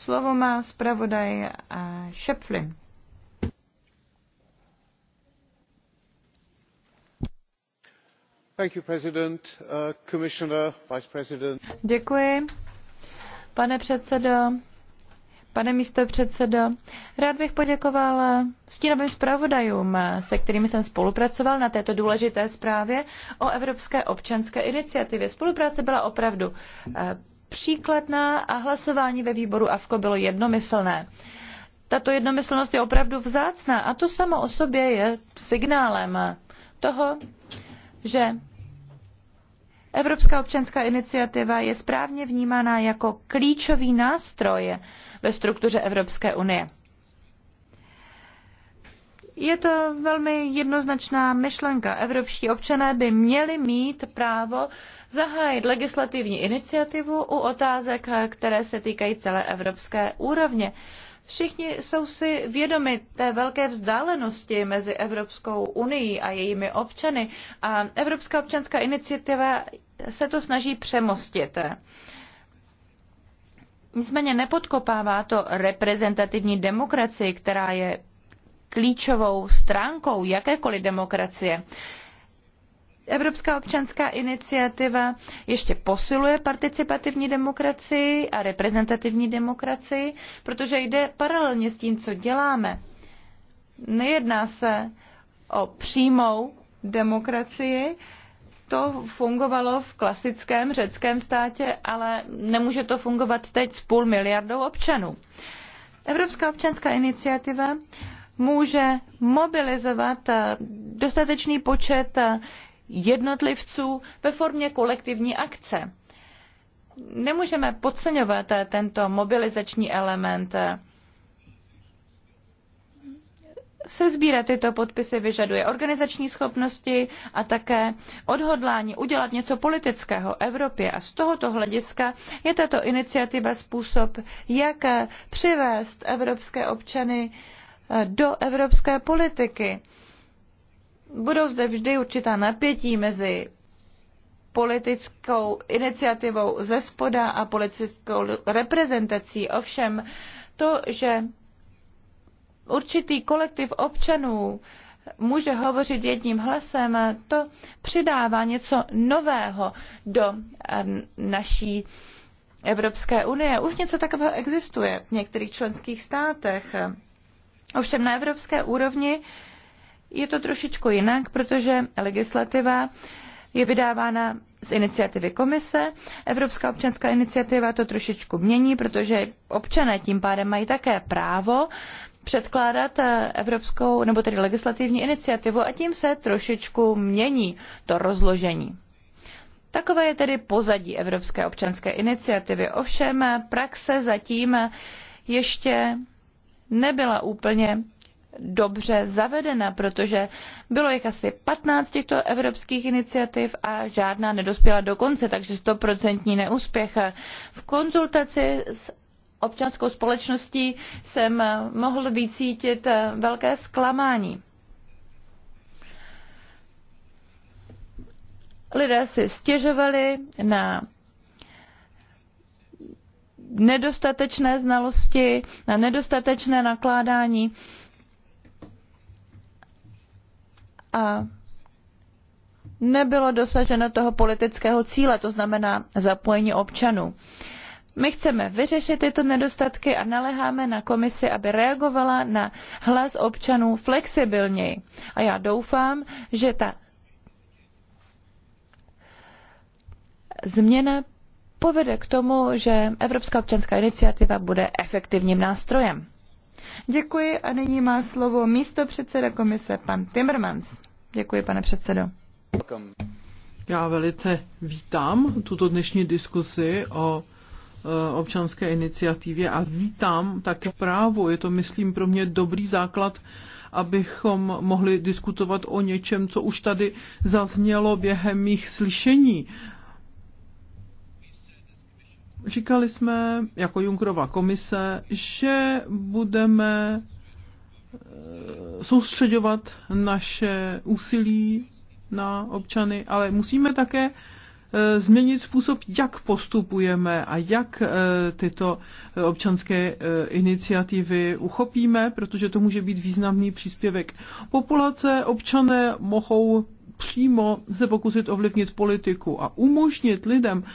Slovo má zpravodaj eh, Šepflin. Uh, Děkuji, pane předsedo pane předsedo. rád bych poděkoval stínovým zpravodajům se kterými jsem spolupracoval na této důležité zprávě o evropské občanské iniciativě. spolupráce byla opravdu eh, příkladná a hlasování ve výboru AFKO bylo jednomyslné. Tato jednomyslnost je opravdu vzácná a to samo o sobě je signálem toho, že Evropská občanská iniciativa je správně vnímána jako klíčový nástroj ve struktuře Evropské unie. Je to velmi jednoznačná myšlenka. Evropští občané by měli mít právo zahájit legislativní iniciativu u otázek, které se týkají celé evropské úrovně. Všichni jsou si vědomi té velké vzdálenosti mezi Evropskou unii a jejími občany a Evropská občanská iniciativa se to snaží přemostit. Nicméně nepodkopává to reprezentativní demokracii, která je klíčovou stránkou jakékoliv demokracie. Evropská občanská iniciativa ještě posiluje participativní demokracii a reprezentativní demokracii, protože jde paralelně s tím, co děláme. Nejedná se o přímou demokracii, to fungovalo v klasickém řeckém státě, ale nemůže to fungovat teď s půl miliardou občanů. Evropská občanská iniciativa může mobilizovat eh, dostatečný počet eh, jednotlivců ve formě kolektivní akce. Nemůžeme podceňovat eh, tento mobilizační element. Sezbírat tyto podpisy vyžaduje organizační schopnosti a také odhodlání udělat něco politického Evropě. A z tohoto hlediska je tato iniciativa způsob, jak přivést evropské občany uh, do evropské politiky. Budou zde vždy určitá napětí mezi politickou iniciativou ze spoda a politickou reprezentací. Ovšem to, že určitý kolektiv občanů může hovořit jedním hlasem, to přidává něco nového do eh, naší Evropské unie. Už něco takového existuje v některých členských státech. Ovšem na evropské úrovni je to trošičku jinak, protože legislativa je vydávána z iniciativy komise. Evropská občanská iniciativa to trošičku mění, protože občané tím pádem mají také právo předkládat eh, evropskou nebo tedy legislativní iniciativu a tím se trošičku mění to rozložení. Takové je tedy pozadí Evropské občanské iniciativy. Ovšem eh, praxe zatím eh, ještě nebyla úplně dobře zavedena, protože bylo jich asi 15 těchto evropských iniciativ a žádná nedospěla do konce, takže stoprocentní neúspěch. V konzultaci s občanskou společností jsem mohl vycítit velké zklamání. Lidé si stěžovali na nedostatečné znalosti, na nedostatečné nakládání. A nebylo dosaženo toho politického cíle, to znamená zapojení občanů. My chceme vyřešit tyto nedostatky a naléháme na komisi, aby reagovala na hlas občanů flexibilněji. A já doufám, že ta změna povede k tomu, že Evropská občanská iniciativa bude efektivním nástrojem. Děkuji a nyní má slovo místo předseda komise pan Timmermans. Děkuji, pane předsedo. Já velice vítám tuto dnešní diskusi o eh, občanské iniciativě a vítám také právo. Je to, myslím, pro mě dobrý základ, abychom mohli diskutovat o něčem, co už tady zaznělo během mých slyšení říkali jsme jako Junkrova komise, že budeme eh, soustředovat naše úsilí na občany, ale musíme také eh, změnit způsob, jak postupujeme a jak eh, tyto občanské iniciativy uchopíme, protože to může být významný příspěvek. Populace, občané mohou přímo se pokusit ovlivnit politiku a umožnit lidem eh,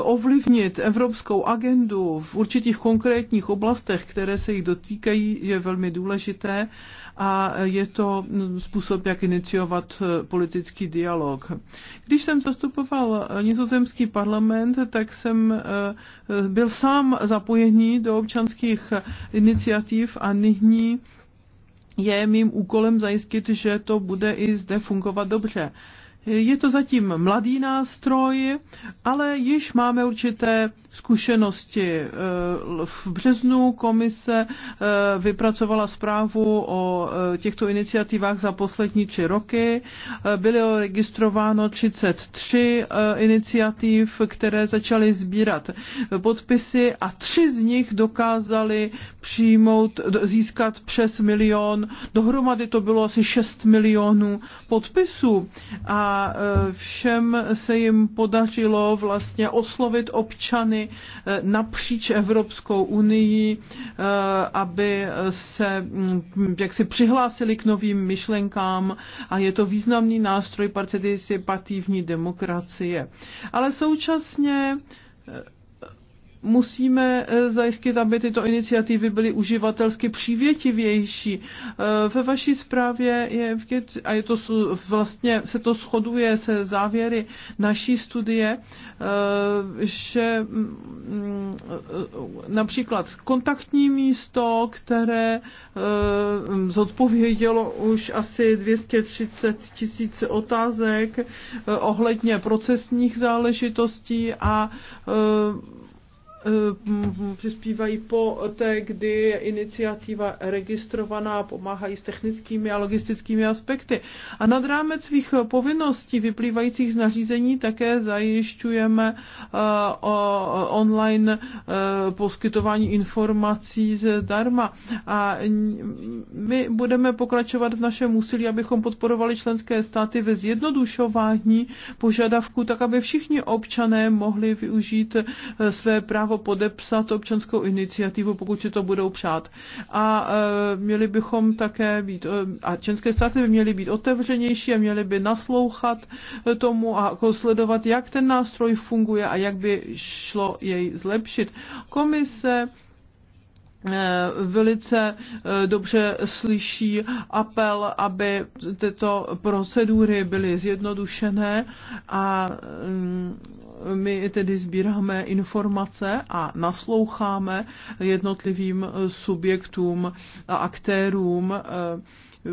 ovlivnit evropskou agendu v určitých konkrétních oblastech, které se jich dotýkají, je velmi důležité a je to způsob, jak iniciovat eh, politický dialog. Když jsem zastupoval eh, nizozemský parlament, tak jsem byl sám zapojený do občanských iniciativ a nyní je mým úkolem zajistit, že to bude i zde fungovat dobře. Je to zatím mladý nástroj, ale již máme určité zkušenosti. Eh, v březnu komise eh, vypracovala zprávu o eh, těchto iniciativách za poslední tři roky. Bylo registrováno 33 iniciativ, které začaly sbírat podpisy a tři z nich dokázali přijmout, získat přes milion. Dohromady to bylo asi 6 milionů podpisů. A a eh, všem se jim podařilo vlastně oslovit občany eh, napříč Evropskou unii, eh, aby se hm, jak si přihlásili k novým myšlenkám a je to významný nástroj participativní demokracie. Ale současně musíme eh, zajistit, aby tyto iniciativy byly uživatelsky přívětivější. Eh, ve vaší zprávě je, a je to, vlastně se to shoduje se závěry naší studie, eh, že mm, například kontaktní místo, které zodpovědělo už asi 230 tisíc otázek ohledně procesních záležitostí a Eh, přispívají po té, kdy je iniciativa registrovaná, pomáhají s technickými a logistickými aspekty. A nad rámec svých povinností vyplývajících z nařízení také zajišťujeme eh, online eh, poskytování informací zdarma. A my budeme pokračovat v našem úsilí, abychom podporovali členské státy ve zjednodušování požadavků, tak aby všichni občané mohli využít své práva právo podepsat občanskou iniciativu, pokud si to budou přát. A e, měli bychom také být, e, a členské státy by měly být otevřenější a měly by naslouchat e, tomu a sledovat, jak ten nástroj funguje a jak by šlo jej zlepšit. Komise Eh, velice eh, dobře slyší apel, aby tyto procedury byly zjednodušené a mm, my tedy sbíráme informace a nasloucháme jednotlivým subjektům a aktérům eh,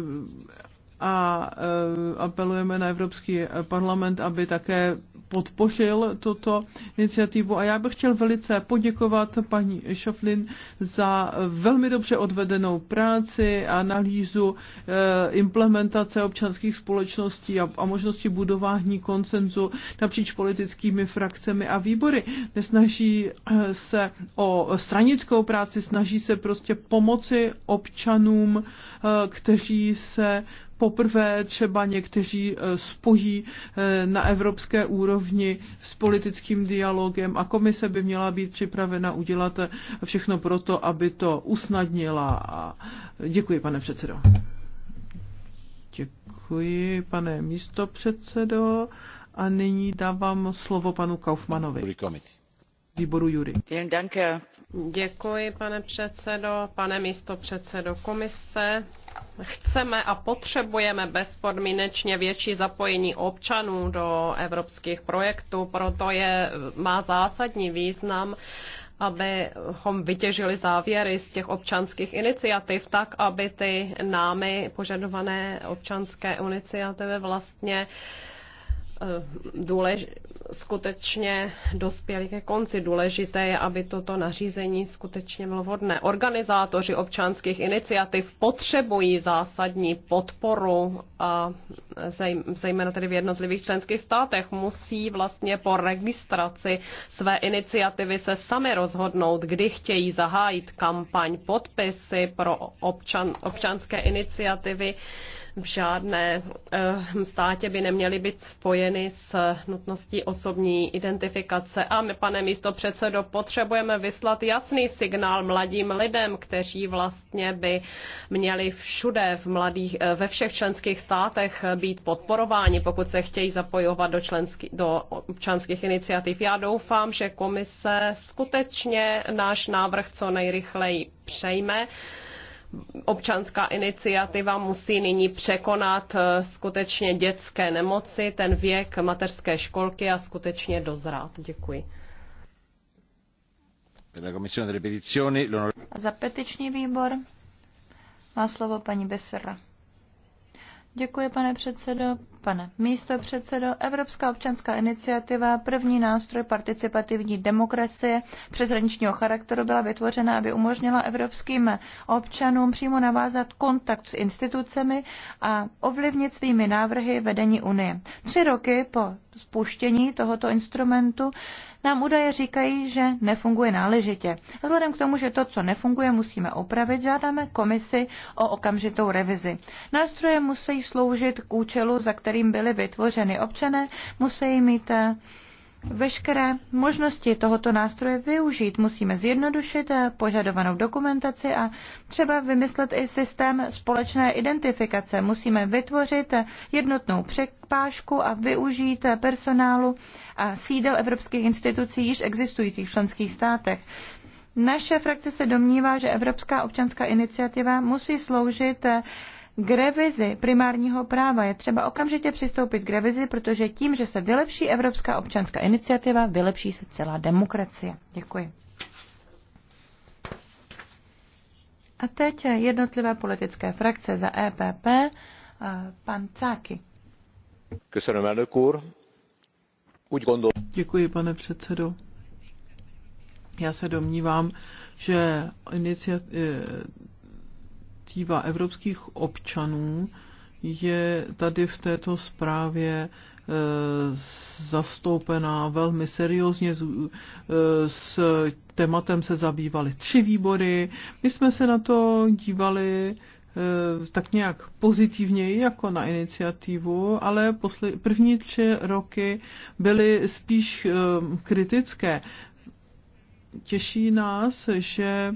a eh, apelujeme na Evropský parlament, aby také podpořil tuto iniciativu. A já bych chtěl velice poděkovat paní Šoflin za velmi dobře odvedenou práci, analýzu eh, implementace občanských společností a, možnosti budování koncenzu napříč politickými frakcemi a výbory. Nesnaží eh, se o stranickou práci, snaží se prostě pomoci občanům, kteří se poprvé třeba někteří eh, spojí eh, na evropské úrovni s politickým dialogem a komise by měla být připravena udělat eh, všechno proto, aby to usnadnila. Děkuji, pane předsedo. Děkuji, pane místo předsedo. A nyní dávám slovo panu Kaufmanovi. Výboru Jury. Děkuji, pane předsedo, pane místo předsedo komise. Chceme a potřebujeme bezpodmínečně větší zapojení občanů do evropských projektů, proto je, má zásadní význam, abychom vytěžili závěry z těch občanských iniciativ tak, aby ty námi požadované občanské iniciativy vlastně uh, Eh, důlež, skutečně dospěli ke konci. Důležité je, aby toto nařízení skutečně bylo vhodné. Organizátoři občanských iniciativ potřebují zásadní podporu a zejména tedy v jednotlivých členských státech musí vlastně po registraci své iniciativy se sami rozhodnout, kdy chtějí zahájit kampaň podpisy pro občan, občanské iniciativy v žádné eh, státě by neměly být spojeny s nutností osobní identifikace. A my, pane místo předsedo, potřebujeme vyslat jasný signál mladým lidem, kteří vlastně by měli všude v mladých, eh, ve všech členských státech eh, být podporováni, pokud se chtějí zapojovat do, členský, do občanských iniciativ. Já doufám, že komise skutečně náš návrh co nejrychleji přejme občanská iniciativa musí nyní překonat eh, skutečně dětské nemoci, ten věk mateřské školky a skutečně dozrát. Děkuji. Za petiční výbor má slovo paní Besera. Děkuji, pane předsedo. Pane místo předsedo, Evropská občanská iniciativa, první nástroj participativní demokracie přeshraničního charakteru, byla vytvořena, aby umožnila evropským občanům přímo navázat kontakt s institucemi a ovlivnit svými návrhy vedení Unie. Tři roky po spuštění tohoto instrumentu nám údaje říkají, že nefunguje náležitě. A vzhledem k tomu, že to, co nefunguje, musíme opravit, žádáme komisi o okamžitou revizi. Nástroje musí sloužit k účelu, za kterým byly vytvořeny. Občané musí mít eh, veškeré možnosti tohoto nástroje využít. Musíme zjednodušit požadovanou dokumentaci a třeba vymyslet i systém společné identifikace. Musíme vytvořit jednotnou překpášku a využít personálu a sídel evropských institucí již existujících v členských státech. Naše frakce se domnívá, že Evropská občanská iniciativa musí sloužit k revizi primárního práva. Je třeba okamžitě přistoupit k revizi, protože tím, že se vylepší Evropská občanská iniciativa, vylepší se celá demokracie. Děkuji. A teď jednotlivé politické frakce za EPP, pan Cáky. Děkuji, pane předsedo. Já se domnívám, že iniciativa eh, perspektiva evropských občanů je tady v této zprávě e, zastoupená velmi seriózně e, s tématem se zabývaly tři výbory. My jsme se na to dívali e, tak nějak pozitivněji jako na iniciativu, ale posle, první tři roky byly spíš kritické. Těší nás, že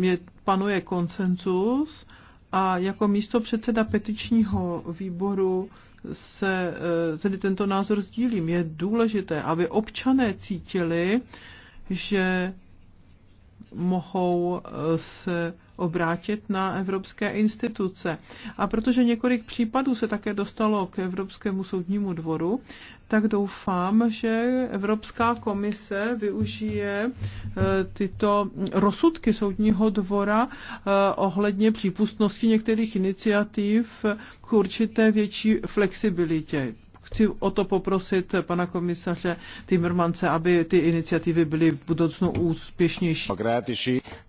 je, panuje konsenzus a jako místo předseda petičního výboru se e, tedy tento názor sdílím. Je důležité, aby občané cítili, že mohou eh, se obrátit na evropské instituce. A protože několik případů se také dostalo k Evropskému soudnímu dvoru, tak doufám, že Evropská komise využije eh, tyto rozsudky soudního dvora eh, ohledně přípustnosti některých iniciativ k určité větší flexibilitě chci o to poprosit pana komisaře Timmermance, aby ty iniciativy byly v budoucnu úspěšnější.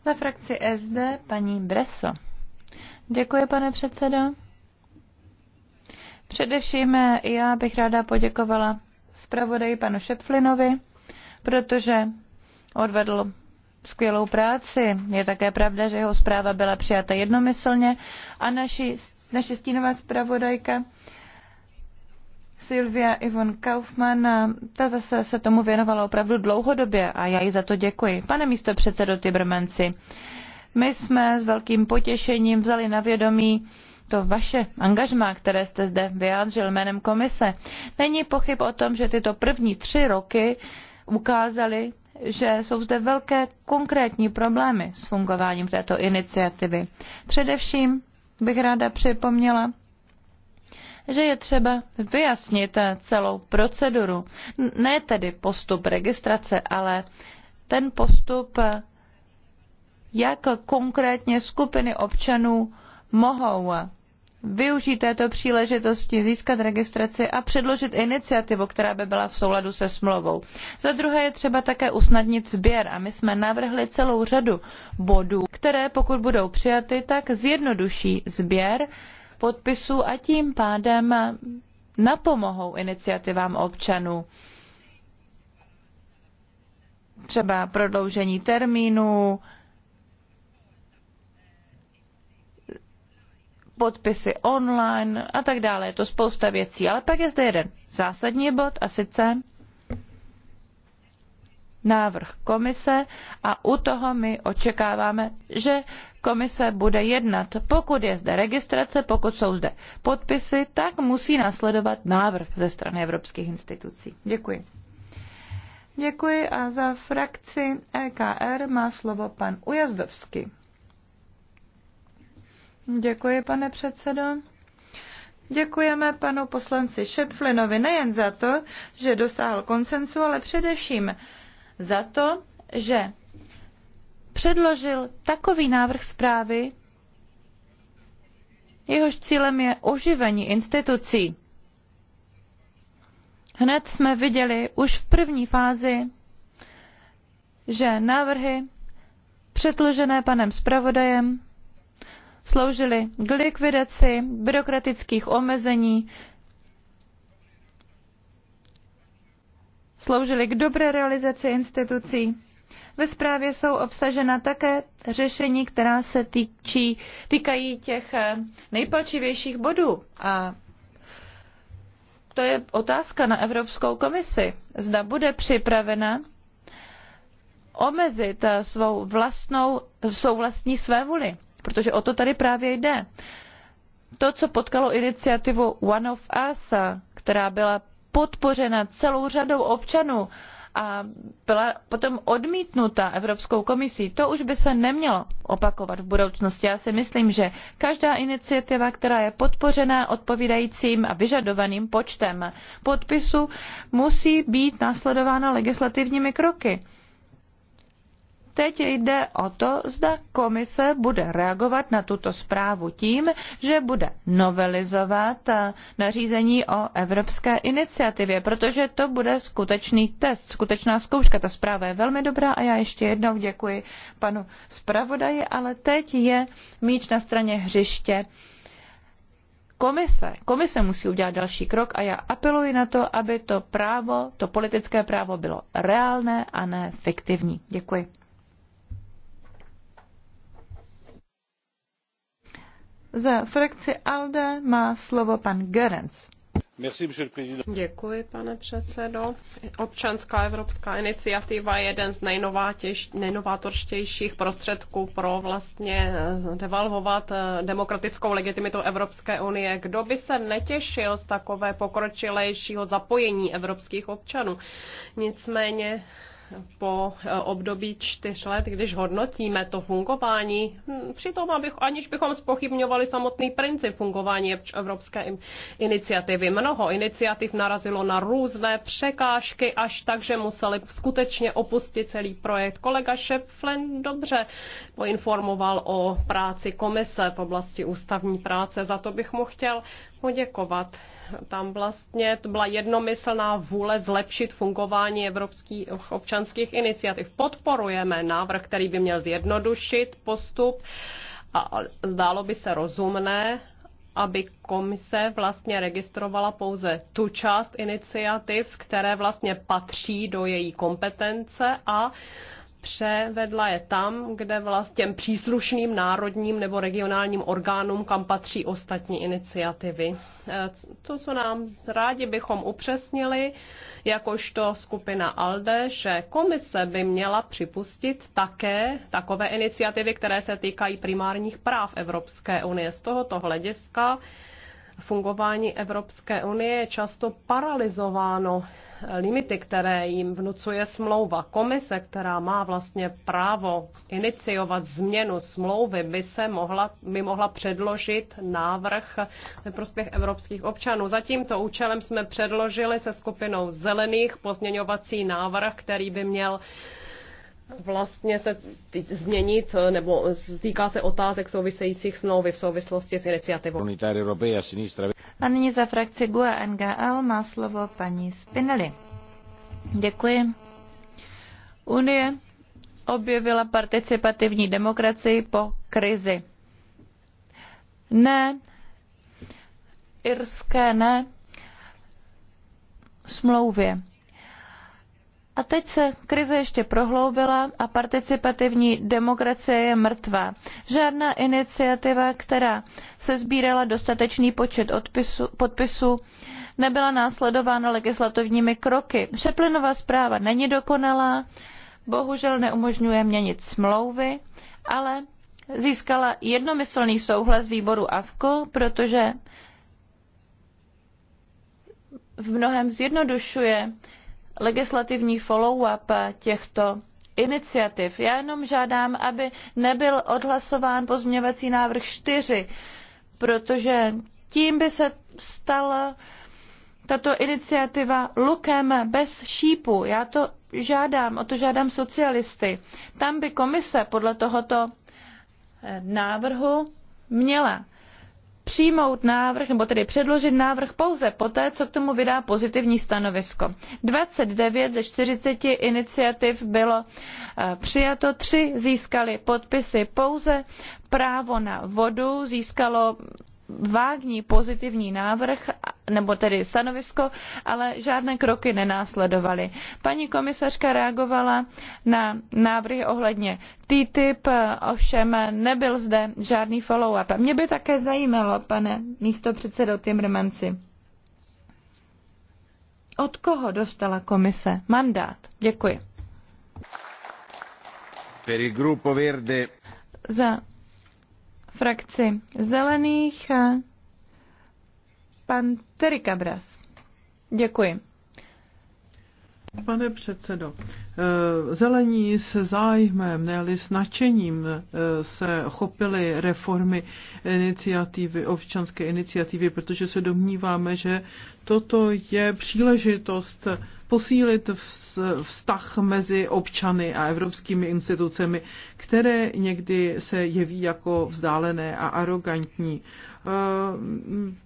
Za frakci SD paní Breso. Děkuji, pane předsedo. Především já bych ráda poděkovala zpravodaji panu Šepflinovi, protože odvedl skvělou práci. Je také pravda, že jeho zpráva byla přijata jednomyslně a naši, naše stínová zpravodajka Silvia Ivon Kaufmann, eh, ta zase se tomu věnovala opravdu dlouhodobě a já jí za to děkuji. Pane místo předsedo Tibrmenci, my jsme s velkým potěšením vzali na vědomí to vaše angažmá, které jste zde vyjádřil jménem komise. Není pochyb o tom, že tyto první tři roky ukázaly, že jsou zde velké konkrétní problémy s fungováním této iniciativy. Především bych ráda připomněla, že je třeba vyjasnit eh, celou proceduru. Ne tedy postup registrace, ale ten postup, eh, jak konkrétně skupiny občanů mohou eh, využít této příležitosti, získat registraci a předložit iniciativu, která by byla v souladu se smlouvou. Za druhé je třeba také usnadnit sběr a my jsme navrhli celou řadu bodů, které pokud budou přijaty, tak zjednoduší sběr podpisů a tím pádem napomohou iniciativám občanů. Třeba prodloužení termínu, podpisy online a tak dále. Je to spousta věcí. Ale pak je zde jeden zásadní bod a sice návrh komise a u toho my očekáváme, že komise bude jednat. Pokud je zde registrace, pokud jsou zde podpisy, tak musí následovat návrh ze strany evropských institucí. Děkuji. Děkuji a za frakci EKR má slovo pan Ujazdovský. Děkuji, pane předsedo. Děkujeme panu poslanci Šepflinovi nejen za to, že dosáhl konsensu, ale především za to, že předložil takový návrh zprávy, jehož cílem je oživení institucí. Hned jsme viděli už v první fázi, že návrhy předložené panem zpravodajem sloužily k likvidaci byrokratických omezení, sloužily k dobré realizaci institucí. Ve zprávě jsou obsažena také řešení, která se týčí, týkají těch eh, nejpalčivějších bodů. A to je otázka na Evropskou komisi. Zda bude připravena omezit eh, svou vlastnou, svou vlastní svévoli, protože o to tady právě jde. To, co potkalo iniciativu One of Us, eh, která byla podpořena celou řadou občanů a byla potom odmítnuta Evropskou komisí. To už by se nemělo opakovat v budoucnosti. Já si myslím, že každá iniciativa, která je podpořena odpovídajícím a vyžadovaným počtem podpisů, musí být následována legislativními kroky. Teď jde o to, zda komise bude reagovat na tuto zprávu tím, že bude novelizovat eh, nařízení o evropské iniciativě, protože to bude skutečný test, skutečná zkouška. Ta zpráva je velmi dobrá a já ještě jednou děkuji panu zpravodaji, ale teď je míč na straně hřiště komise. Komise musí udělat další krok a já apeluji na to, aby to právo, to politické právo bylo reálné a ne fiktivní. Děkuji. Za frakci ALDE má slovo pan Gerenc. Děkuji, pane předsedo. Občanská evropská iniciativa je jeden z nejnovátorštějších prostředků pro vlastně eh, devalvovat eh, demokratickou legitimitu Evropské unie. Kdo by se netěšil z takové pokročilejšího zapojení evropských občanů? Nicméně po eh, období čtyř let, když hodnotíme to fungování, hm, přitom abych, aniž bychom spochybňovali samotný princip fungování Evropské iniciativy. Mnoho iniciativ narazilo na různé překážky, až tak, že museli skutečně opustit celý projekt. Kolega Šepflen dobře poinformoval o práci komise v oblasti ústavní práce, za to bych mu chtěl poděkovat. Tam vlastně to byla jednomyslná vůle zlepšit fungování evropských občanů občanských iniciativ. Podporujeme návrh, který by měl zjednodušit postup a zdálo by se rozumné, aby komise vlastně registrovala pouze tu část iniciativ, které vlastně patří do její kompetence a převedla je tam, kde vlastně těm příslušným národním nebo regionálním orgánům, kam patří ostatní iniciativy. To, e, co nám rádi bychom upřesnili, jakožto skupina ALDE, že komise by měla připustit také takové iniciativy, které se týkají primárních práv Evropské unie. Z tohoto hlediska fungování Evropské unie je často paralizováno limity, které jim vnucuje smlouva. Komise, která má vlastně právo iniciovat změnu smlouvy, by, se mohla, by mohla předložit návrh ve prospěch evropských občanů. Za tímto účelem jsme předložili se skupinou zelených pozměňovací návrh, který by měl vlastně se změnit, eh, nebo týká se otázek souvisejících smlouvy v souvislosti s iniciativou. A nyní za frakci GUE NGL má slovo paní Spinelli. Děkuji. Unie objevila participativní demokracii po krizi. Ne, irské ne, smlouvě. A teď se krize ještě prohloubila a participativní demokracie je mrtvá. Žádná iniciativa, která se sbírala dostatečný počet odpisu, podpisů, nebyla následována legislativními kroky. Šeplinova zpráva není dokonalá, bohužel neumožňuje měnit smlouvy, ale získala jednomyslný souhlas výboru AVKO, protože v mnohem zjednodušuje legislativní follow-up těchto iniciativ. Já jenom žádám, aby nebyl odhlasován pozměňovací návrh 4, protože tím by se stala tato iniciativa lukem bez šípu. Já to žádám, o to žádám socialisty. Tam by komise podle tohoto návrhu měla přijmout návrh, nebo tedy předložit návrh pouze poté, co k tomu vydá pozitivní stanovisko. 29 ze 40 iniciativ bylo eh, přijato, tři získaly podpisy pouze právo na vodu získalo vágní pozitivní návrh, nebo tedy stanovisko, ale žádné kroky nenásledovaly. Paní komisařka reagovala na návrhy ohledně TTIP, ovšem nebyl zde žádný follow-up. Mě by také zajímalo, pane místo předsedo Timmermansi, od koho dostala komise mandát? Děkuji. Per il verde. Za frakci zelených eh, pan Terry Cabras. Děkuji. Pane předsedo, eh, zelení se zájmem, ne s nadšením eh, se chopili reformy iniciativy, občanské iniciativy, protože se domníváme, že toto je příležitost posílit vztah mezi občany a evropskými institucemi, které někdy se jeví jako vzdálené a arrogantní. Eh,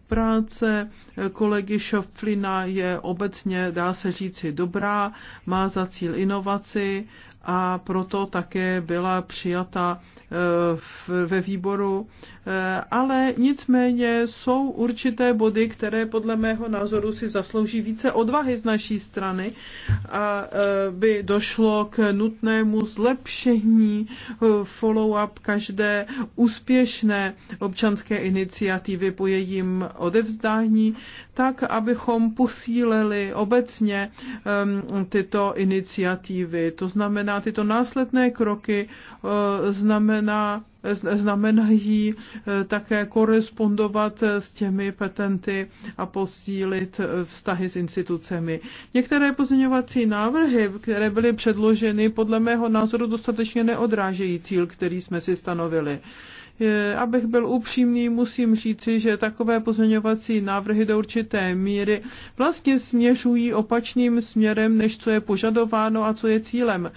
práce kolegy Šoflina je obecně, dá se říci, dobrá, má za cíl inovaci a proto také byla přijata eh, ve výboru. Eh, ale nicméně jsou určité body, které podle mého názoru si zaslouží více odvahy z naší strany a eh, by došlo k nutnému zlepšení follow-up každé úspěšné občanské iniciativy po jejím odevzdání, tak abychom posílili obecně ehm, tyto iniciativy. To znamená, znamená tyto následné kroky, eh, znamená, znamenají eh, také korespondovat eh, s těmi patenty a posílit vztahy s institucemi. Některé pozměňovací návrhy, které byly předloženy, podle mého názoru dostatečně neodrážejí cíl, který jsme si stanovili. Abych byl upřímný, musím říci, že takové pozměňovací návrhy do určité míry vlastně směřují opačným směrem, než co je požadováno a co je cílem.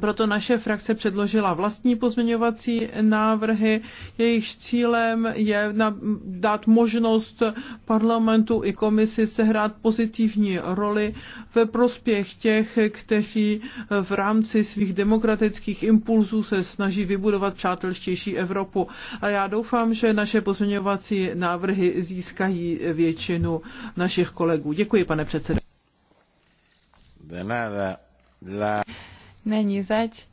Proto naše frakce předložila vlastní pozměňovací návrhy. Jejich cílem je dát možnost parlamentu i komisi sehrát pozitivní roli ve prospěch těch, kteří v rámci svých demokratických impulzů se snaží vybudovat přátelštější Evropu. A já doufám, že naše pozměňovací návrhy získají většinu našich kolegů. Děkuji, pane předsedo. De nada. La... Není zač.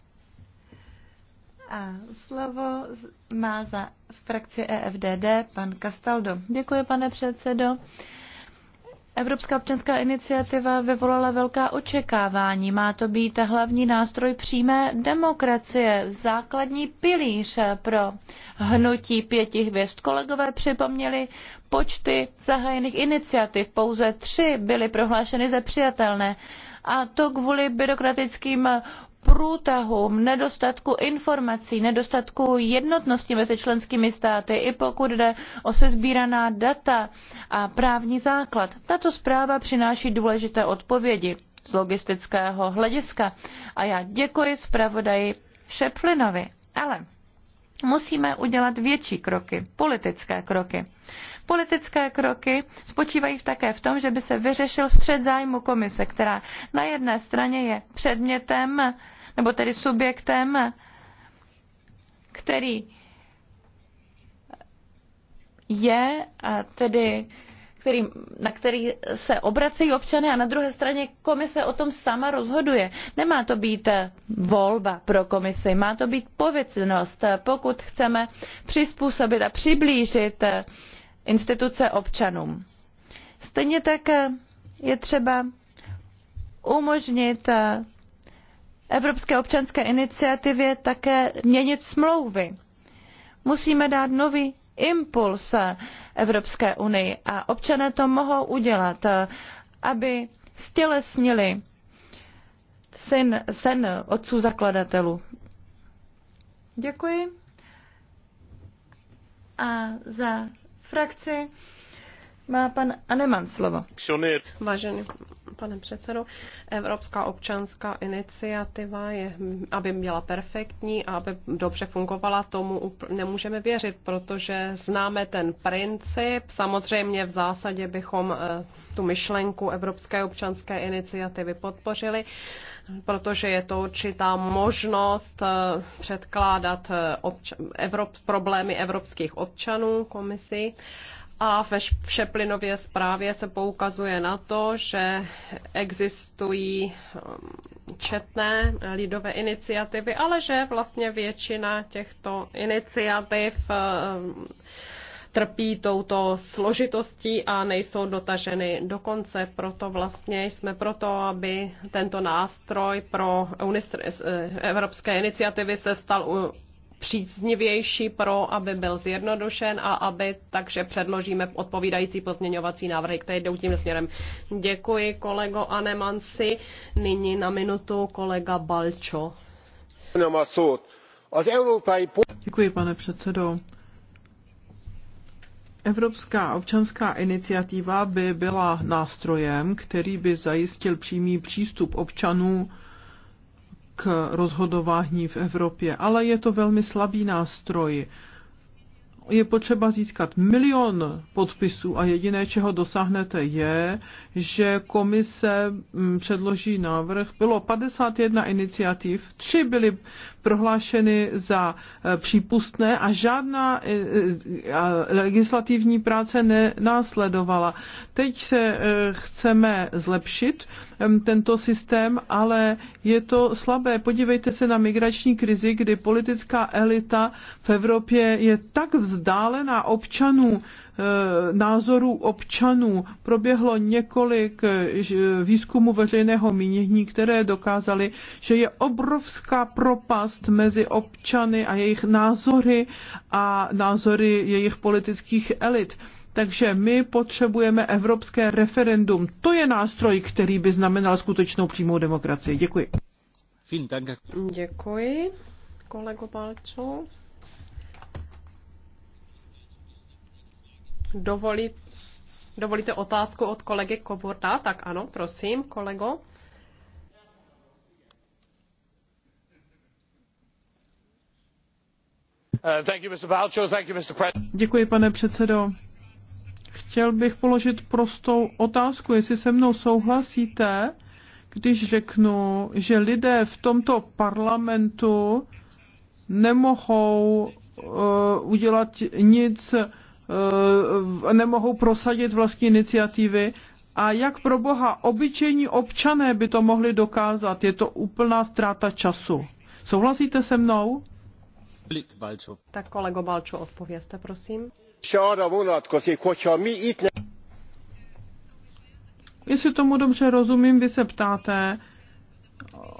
A slovo má za frakci EFDD pan Castaldo. Děkuji, pane předsedo. Evropská občanská iniciativa vyvolala velká očekávání. Má to být hlavní nástroj přímé demokracie, základní pilíř pro hnutí pěti hvězd. Kolegové připomněli počty zahájených iniciativ. Pouze tři byly prohlášeny za přijatelné a to kvůli byrokratickým průtahům, nedostatku informací, nedostatku jednotnosti mezi členskými státy, i pokud jde o sezbíraná data a právní základ. Tato zpráva přináší důležité odpovědi z logistického hlediska a já děkuji zpravodaji schpflinovi Ale musíme udělat větší kroky, politické kroky. Politické kroky spočívají také v tom, že by se vyřešil střed zájmu komise, která na jedné straně je předmětem, nebo tedy subjektem, který je tedy který, na který se obracejí občané a na druhé straně komise o tom sama rozhoduje. Nemá to být volba pro komisi, má to být povinnost, pokud chceme přizpůsobit a přiblížit instituce občanům. Stejně tak eh, je třeba umožnit eh, Evropské občanské iniciativě také měnit smlouvy. Musíme dát nový impuls eh, Evropské unii a občané to mohou udělat, aby stělesnili sen, sen otců zakladatelů. Děkuji. A za frakci. Má pan Aneman slovo. Vážený pane předsedo. Evropská občanská iniciativa je, aby byla perfektní a aby dobře fungovala, tomu nemůžeme věřit, protože známe ten princip. Samozřejmě v zásadě bychom eh, tu myšlenku Evropské občanské iniciativy podpořili, protože je to určitá možnost eh, předkládat eh, obč- Evrop- problémy evropských občanů komisi a ve Šeplinově zprávě se poukazuje na to, že existují um, četné lidové iniciativy, ale že vlastně většina těchto iniciativ um, trpí touto složitostí a nejsou dotaženy do konce. Proto vlastně jsme proto, aby tento nástroj pro eh, evropské iniciativy se stal příznivější pro, aby byl zjednodušen a aby takže předložíme odpovídající pozměňovací návrhy, které jdou tím směrem. Děkuji kolego Anemansi. Nyní na minutu kolega Balčo. Děkuji, pane předsedo. Evropská občanská iniciativa by byla nástrojem, který by zajistil přímý přístup občanů k rozhodování v Evropě, ale je to velmi slabý nástroj. Je potřeba získat milion podpisů a jediné, čeho dosáhnete, je, že komise mm, předloží návrh. Bylo 51 iniciativ, tři byly prohlášeny za eh, přípustné a žádná eh, eh, legislativní práce nenásledovala. Teď se chceme zlepšit ehm, tento systém, ale je to slabé. Podívejte se na migrační krizi, kdy politická elita v Evropě je tak vzdálená občanů, Eh, názorů občanů. Proběhlo několik eh, výzkumů veřejného mínění, které dokázaly, že je obrovská propast mezi občany a jejich názory a názory jejich politických elit. Takže my potřebujeme evropské referendum. To je nástroj, který by znamenal skutečnou přímou demokracii. Děkuji. Děkuji, kolego Balčo. Dovolit, dovolíte otázku od kolegy Koburda? Tak ano, prosím, kolego. Uh, Děkuji, pane předsedo. Chtěl bych položit prostou otázku, jestli se mnou souhlasíte, když řeknu, že lidé v tomto parlamentu nemohou uh, udělat nic uh, Eh, nemohou prosadit vlastní iniciativy. A jak pro boha obyčejní občané by to mohli dokázat? Je to úplná ztráta času. Souhlasíte se mnou? Tak kolego Balčo, odpověste prosím. Jestli tomu dobře rozumím, vy se ptáte,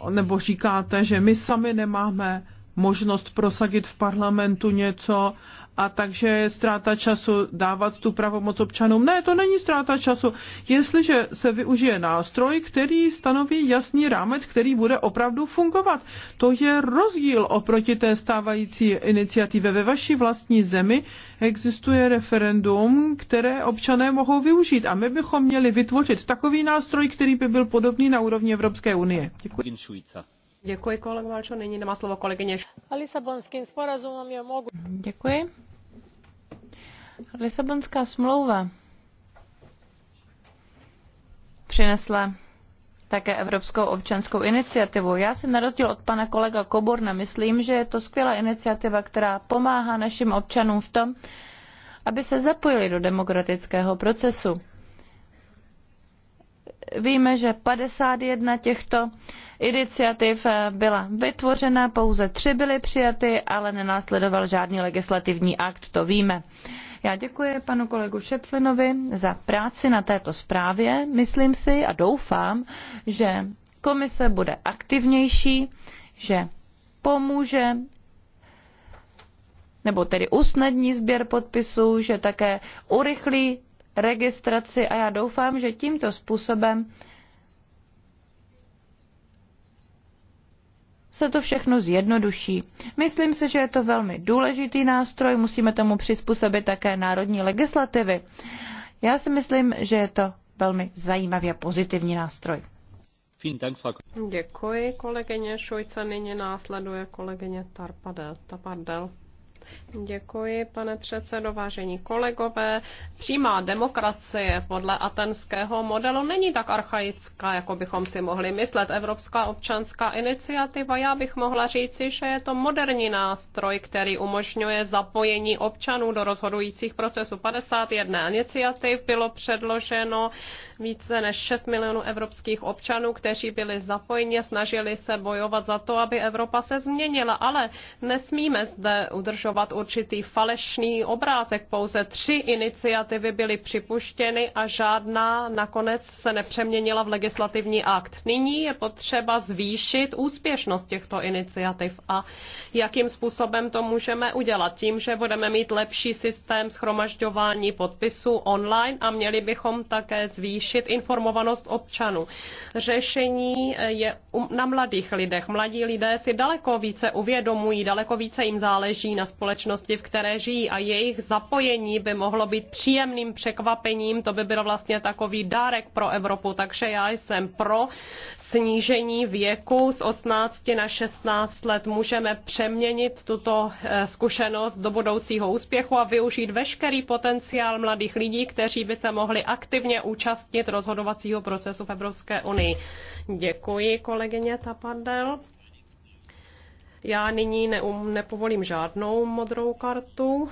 nebo říkáte, že my sami nemáme možnost prosadit v parlamentu něco a takže je ztráta času dávat tu pravomoc občanům. Ne, to není ztráta času. Jestliže se využije nástroj, který stanoví jasný rámec, který bude opravdu fungovat. To je rozdíl oproti té stávající iniciativě. Ve vaší vlastní zemi existuje referendum, které občané mohou využít a my bychom měli vytvořit takový nástroj, který by byl podobný na úrovni Evropské unie. Děkuji. Děkuji, kolego Malčo. Nyní nemá slovo kolegyně. Lisabonským sporazumem je mogu... Děkuji. Lisabonská smlouva přinesla také Evropskou občanskou iniciativu. Já si na rozdíl od pana kolega Koborna myslím, že je to skvělá iniciativa, která pomáhá našim občanům v tom, aby se zapojili do demokratického procesu. Víme, že 51 těchto iniciativ byla vytvořena, pouze tři byly přijaty, ale nenásledoval žádný legislativní akt, to víme. Já děkuji panu kolegu Šepflinovi za práci na této zprávě. Myslím si a doufám, že komise bude aktivnější, že pomůže nebo tedy usnadní sběr podpisů, že také urychlí registraci a já doufám, že tímto způsobem se to všechno zjednoduší. Myslím si, že je to velmi důležitý nástroj, musíme tomu přizpůsobit také národní legislativy. Já si myslím, že je to velmi zajímavý a pozitivní nástroj. Děkuji, kolegyně Šojca. Nyní následuje kolegyně Tarpadel. Tapardel. Děkuji, pane předsedo, vážení kolegové. Přímá demokracie podle atenského modelu není tak archaická, jako bychom si mohli myslet. Evropská občanská iniciativa, já bych mohla říci, že je to moderní nástroj, který umožňuje zapojení občanů do rozhodujících procesů. 51 iniciativ bylo předloženo více než 6 milionů evropských občanů, kteří byli zapojeni, snažili se bojovat za to, aby Evropa se změnila, ale nesmíme zde udržovat určitý falešný obrázek. Pouze tři iniciativy byly připuštěny a žádná nakonec se nepřeměnila v legislativní akt. Nyní je potřeba zvýšit úspěšnost těchto iniciativ a jakým způsobem to můžeme udělat. Tím, že budeme mít lepší systém schromažďování podpisů online a měli bychom také zvýšit informovanost občanů. Řešení je na mladých lidech. Mladí lidé si daleko více uvědomují, daleko více jim záleží na společnosti společnosti, v které žijí a jejich zapojení by mohlo být příjemným překvapením, to by bylo vlastně takový dárek pro Evropu, takže já jsem pro snížení věku z 18 na 16 let. Můžeme přeměnit tuto eh, zkušenost do budoucího úspěchu a využít veškerý potenciál mladých lidí, kteří by se mohli aktivně účastnit rozhodovacího procesu v Evropské unii. Děkuji, kolegyně Tapadel. Já nyní neum, nepovolím žádnou modrou kartu,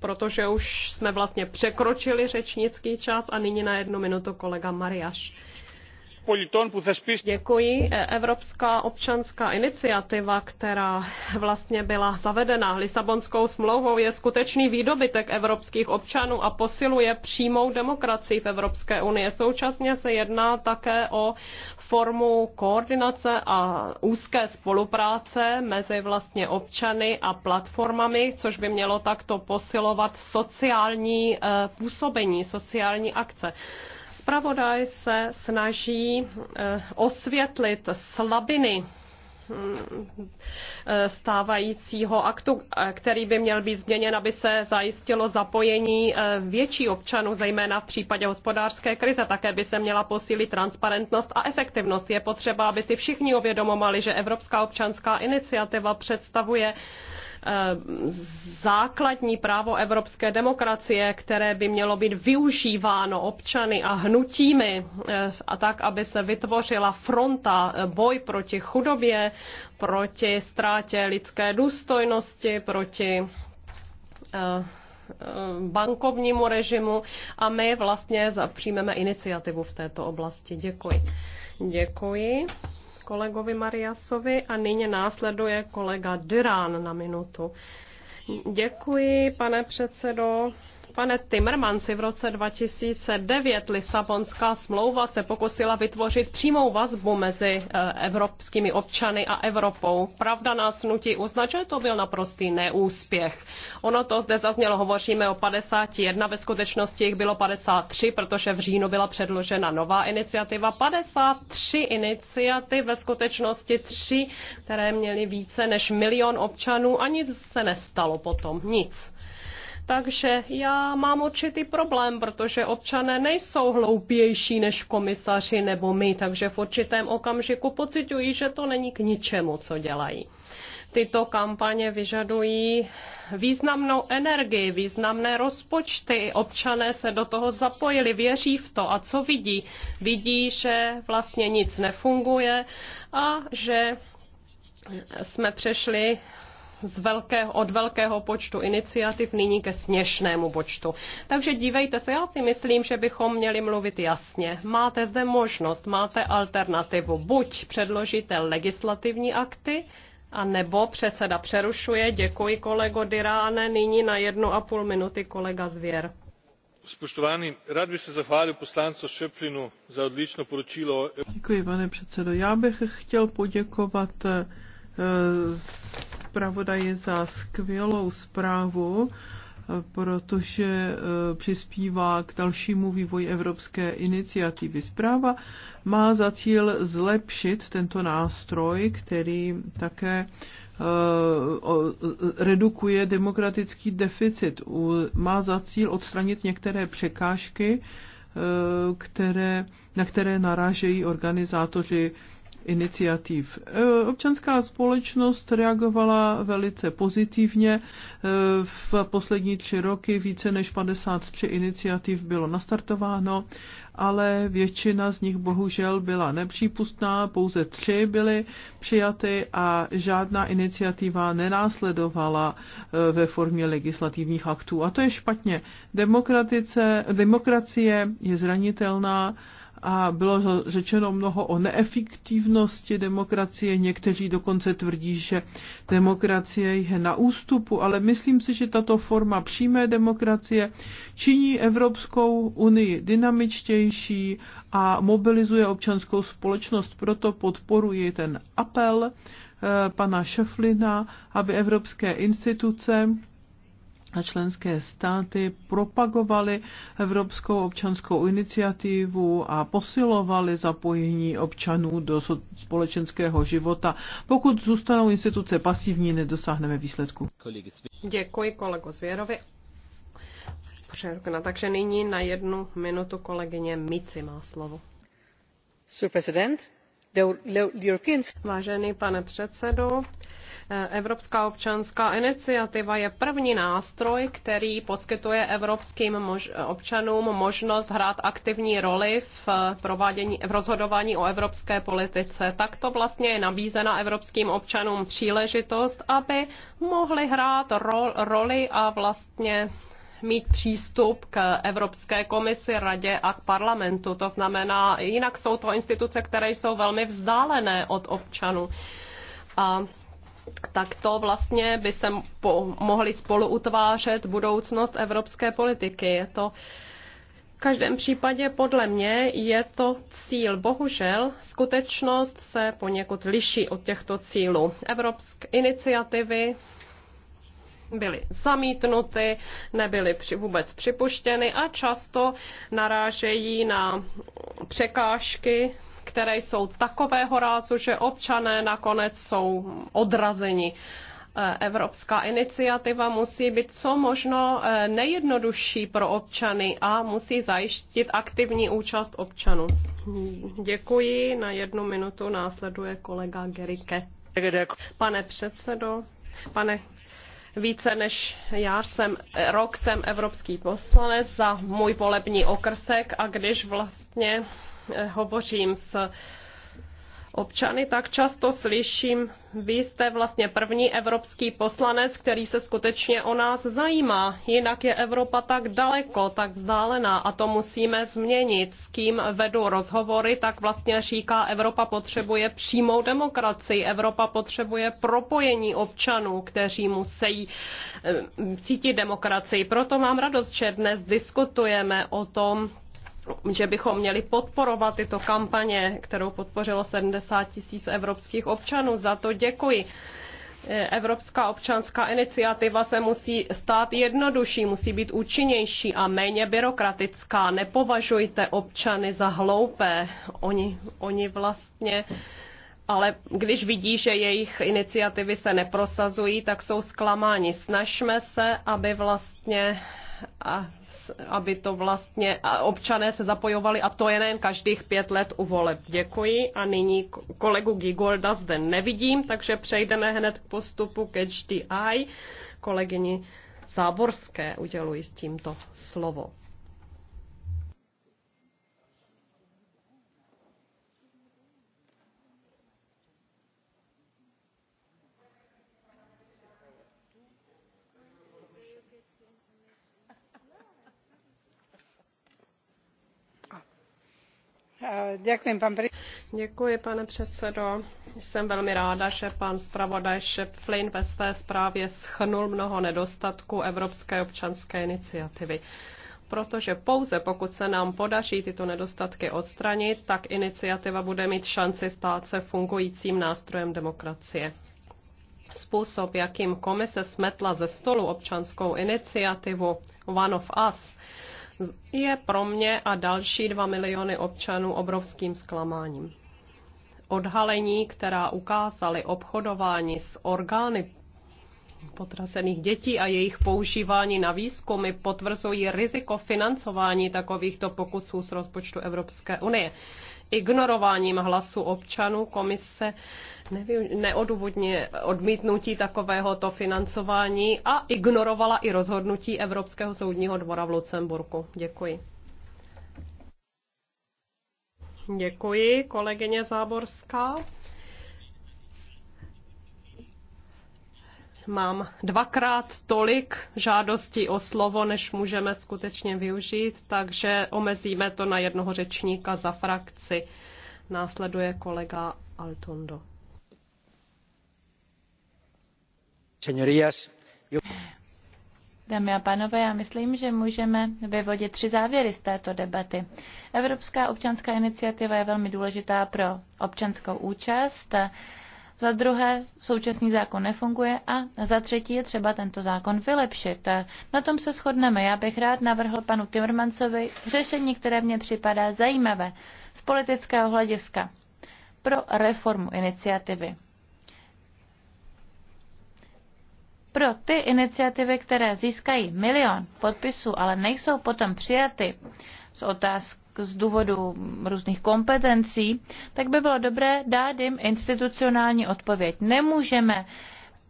protože už jsme vlastně překročili řečnický čas a nyní na jednu minutu kolega Mariaš. Děkuji. E, Evropská občanská iniciativa, která vlastně byla zavedena Lisabonskou smlouvou, je skutečný výdobytek evropských občanů a posiluje přímou demokracii v Evropské unii. Současně se jedná také o formu koordinace a úzké spolupráce mezi vlastně občany a platformami, což by mělo takto posilovat sociální eh, působení, sociální akce. Spravodaj se snaží eh, osvětlit slabiny stávajícího aktu, který by měl být změněn, aby se zajistilo zapojení eh, větší občanů, zejména v případě hospodářské krize. Také by se měla posílit transparentnost a efektivnost. Je potřeba, aby si všichni uvědomovali, že Evropská občanská iniciativa představuje základní právo evropské demokracie, které by mělo být využíváno občany a hnutími eh, a tak, aby se vytvořila fronta eh, boj proti chudobě, proti ztrátě lidské důstojnosti, proti eh, bankovnímu režimu a my vlastně přijmeme iniciativu v této oblasti. Děkuji. Děkuji kolegovi Mariasovi a nyní následuje kolega Dyrán na minutu. Děkuji, pane předsedo. Pane Timmermansi, v roce 2009 Lisabonská smlouva se pokusila vytvořit přímou vazbu mezi eh, evropskými občany a Evropou. Pravda nás nutí uznat, že to byl naprostý neúspěch. Ono to zde zaznělo, hovoříme o 51, ve skutečnosti jich bylo 53, protože v říjnu byla předložena nová iniciativa. 53 iniciativ, ve skutečnosti 3, které měly více než milion občanů a nic se nestalo potom. Nic. Takže já mám určitý problém, protože občané nejsou hloupější než komisaři nebo my, takže v určitém okamžiku pocitují, že to není k ničemu, co dělají. Tyto kampaně vyžadují významnou energii, významné rozpočty. Občané se do toho zapojili, věří v to. A co vidí? Vidí, že vlastně nic nefunguje a že jsme přešli z velkého, od velkého počtu iniciativ nyní ke směšnému počtu. Takže dívejte se, já si myslím, že bychom měli mluvit jasně. Máte zde možnost, máte alternativu. Buď předložíte legislativní akty, a nebo předseda přerušuje. Děkuji kolego Diráne. Nyní na jednu a půl minuty kolega Zvěr. Spoštovani, rád bych se zahválil poslancu Šeplinu za odlično poručilo. Děkuji, pane předsedo. Já bych chtěl poděkovat eh, zpravodaji za skvělou zprávu, protože eh, přispívá k dalšímu vývoji evropské iniciativy. Zpráva má za cíl zlepšit tento nástroj, který také eh, redukuje demokratický deficit. Má za cíl odstranit některé překážky, eh, které, na které narážejí organizátoři iniciativ. E, občanská společnost reagovala velice pozitivně. E, v poslední tři roky více než 53 iniciativ bylo nastartováno, ale většina z nich bohužel byla nepřípustná, pouze tři byly přijaty a žádná iniciativa nenásledovala e, ve formě legislativních aktů. A to je špatně. Demokratice, demokracie je zranitelná a bylo řečeno mnoho o neefektivnosti demokracie. Někteří dokonce tvrdí, že demokracie je na ústupu, ale myslím si, že tato forma přímé demokracie činí Evropskou unii dynamičtější a mobilizuje občanskou společnost. Proto podporuji ten apel eh, pana Šeflina, aby evropské instituce a členské státy propagovaly Evropskou občanskou iniciativu a posilovaly zapojení občanů do společenského života. Pokud zůstanou instituce pasivní, nedosáhneme výsledku. Děkuji kolego Zvěrovi. Přerukna. Takže nyní na jednu minutu kolegyně Mici má slovo. Vážený pane předsedo, Evropská občanská iniciativa je první nástroj, který poskytuje evropským mož- občanům možnost hrát aktivní roli v, eh, provádění, v rozhodování o evropské politice. Takto vlastně je nabízena evropským občanům příležitost, aby mohli hrát ro- roli a vlastně mít přístup k Evropské komisi, radě a k parlamentu. To znamená, jinak jsou to instituce, které jsou velmi vzdálené od občanů. A tak to vlastně by se po, mohli spolu utvářet budoucnost evropské politiky. Je to v každém případě podle mě je to cíl. Bohužel skutečnost se poněkud liší od těchto cílů. Evropské iniciativy byly zamítnuty, nebyly při, vůbec připuštěny a často narážejí na překážky které jsou takového rázu, že občané nakonec jsou odrazeni. E, Evropská iniciativa musí být co možno e, nejjednodušší pro občany a musí zajistit aktivní účast občanů. Děkuji. Na jednu minutu následuje kolega Gerike. Pane předsedo, pane více než já jsem rok jsem evropský poslanec za můj volební okrsek a když vlastně Eh, hovořím s občany, tak často slyším, vy jste vlastně první evropský poslanec, který se skutečně o nás zajímá. Jinak je Evropa tak daleko, tak vzdálená a to musíme změnit. S kým vedu rozhovory, tak vlastně říká, Evropa potřebuje přímou demokracii, Evropa potřebuje propojení občanů, kteří musí eh, cítit demokracii. Proto mám radost, že dnes diskutujeme o tom, že bychom měli podporovat tyto kampaně, kterou podpořilo 70 tisíc evropských občanů. Za to děkuji. E, Evropská občanská iniciativa se musí stát jednodušší, musí být účinnější a méně byrokratická. Nepovažujte občany za hloupé. Oni, oni vlastně ale když vidí, že jejich iniciativy se neprosazují, tak jsou zklamáni. Snažme se, aby vlastně a aby to vlastně a občané se zapojovali a to je nejen každých pět let u voleb. Děkuji a nyní kolegu Gigolda zde nevidím, takže přejdeme hned k postupu ke HDI. Kolegyni Záborské uděluji s tímto slovo. Děkuji, pane předsedo. Jsem velmi ráda, že pan zpravodaj schpflin ve své zprávě shrnul mnoho nedostatků Evropské občanské iniciativy protože pouze pokud se nám podaří tyto nedostatky odstranit, tak iniciativa bude mít šanci stát se fungujícím nástrojem demokracie. Způsob, jakým komise smetla ze stolu občanskou iniciativu One of Us, je pro mě a další dva miliony občanů obrovským zklamáním. Odhalení, která ukázaly obchodování s orgány potrasených dětí a jejich používání na výzkumy potvrzují riziko financování takovýchto pokusů z rozpočtu Evropské unie ignorováním hlasu občanů komise neodůvodně odmítnutí takovéhoto financování a ignorovala i rozhodnutí Evropského soudního dvora v Lucemburku. Děkuji. Děkuji, kolegyně Záborská. mám dvakrát tolik žádostí o slovo, než můžeme skutečně využít, takže omezíme to na jednoho řečníka za frakci. Následuje kolega Altondo. Dámy a pánové, já myslím, že můžeme vyvodit tři závěry z této debaty. Evropská občanská iniciativa je velmi důležitá pro občanskou účast za druhé, současný zákon nefunguje a za třetí je třeba tento zákon vylepšit. Na tom se shodneme. Já bych rád navrhl panu Timmermansovi řešení, které mně připadá zajímavé z politického hlediska pro reformu iniciativy. Pro ty iniciativy, které získají milion podpisů, ale nejsou potom přijaty, z otázk z důvodu různých kompetencí, tak by bylo dobré dát jim institucionální odpověď. Nemůžeme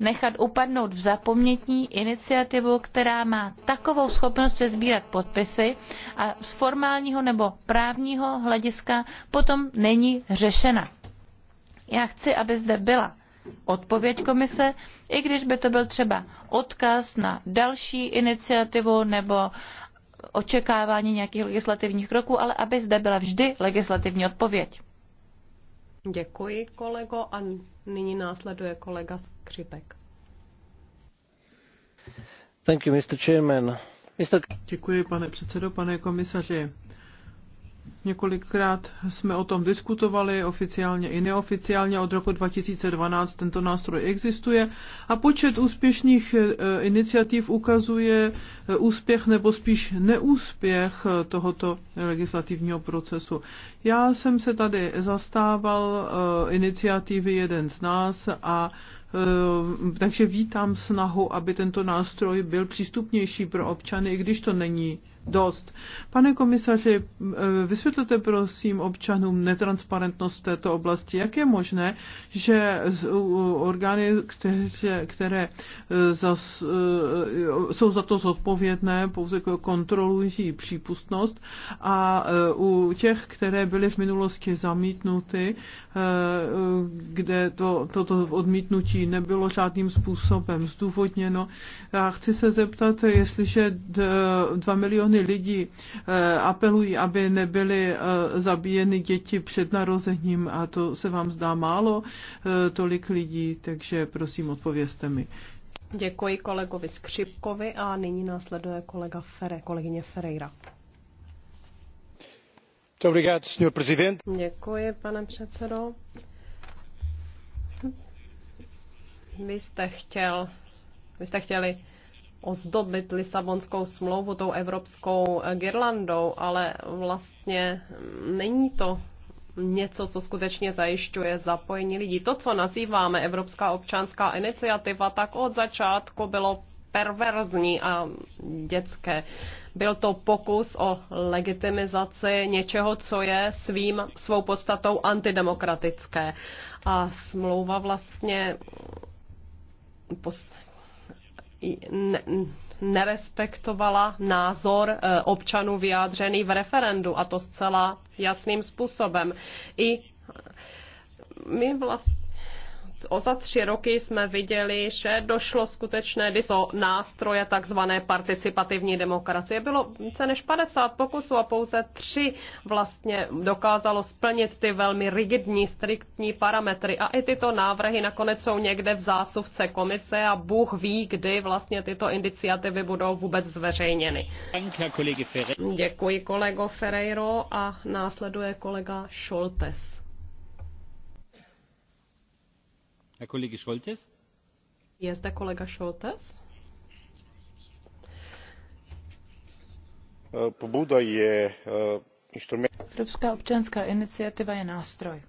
nechat upadnout v zapomnětní iniciativu, která má takovou schopnost se sbírat podpisy a z formálního nebo právního hlediska potom není řešena. Já chci, aby zde byla odpověď komise, i když by to byl třeba odkaz na další iniciativu nebo očekávání nějakých legislativních kroků, ale aby zde byla vždy legislativní odpověď. Děkuji, kolego, a nyní následuje kolega Skřipek. Thank you, Mr. Chairman. Mr. Děkuji, pane předsedo, pane komisaři. Několikrát jsme o tom diskutovali oficiálně i neoficiálně. Od roku 2012 tento nástroj existuje a počet úspěšných e, iniciativ ukazuje e, úspěch nebo spíš neúspěch e, tohoto legislativního procesu. Já jsem se tady zastával iniciativy jeden z nás a takže vítám snahu, aby tento nástroj byl přístupnější pro občany, i když to není dost. Pane komisaři, eh, vysvětlete prosím občanům netransparentnost v této oblasti. Jak je možné, že orgány, které, které eh, zas, eh, jsou za to zodpovědné, pouze jako kontrolují přípustnost a u těch, které byly v minulosti zamítnuty, kde to, toto odmítnutí nebylo žádným způsobem zdůvodněno, já chci se zeptat, jestliže 2 miliony miliony lidí eh, apelují, aby nebyly eh, zabíjeny děti před narozením a to se vám zdá málo, eh, tolik lidí, takže prosím odpovězte mi. Děkuji kolegovi Skřipkovi a nyní následuje kolega Fere, kolegyně Ferreira. Děkuji, pane předsedo. Vy jste chtěl, vy jste chtěli ozdobit Lisabonskou smlouvu tou evropskou girlandou, ale vlastně není to něco, co skutečně zajišťuje zapojení lidí. To, co nazýváme Evropská občanská iniciativa, tak od začátku bylo perverzní a dětské. Byl to pokus o legitimizaci něčeho, co je svým, svou podstatou antidemokratické. A smlouva vlastně nerespektovala názor eh, občanů vyjádřený v referendu a to zcela jasným způsobem. I my vlastně o za tři roky jsme viděli, že došlo skutečné diso nástroje takzvané participativní demokracie. Bylo více než 50 pokusů a pouze tři vlastně dokázalo splnit ty velmi rigidní, striktní parametry. A i tyto návrhy nakonec jsou někde v zásuvce komise a Bůh ví, kdy vlastně tyto iniciativy budou vůbec zveřejněny. Děkuji kolego Ferreiro a následuje kolega Šoltes. Herr Kollege Scholtes? Je zde kolega Šoltes. Eh, pobuda je eh, instrument. Evropská občanská iniciativa je nástroj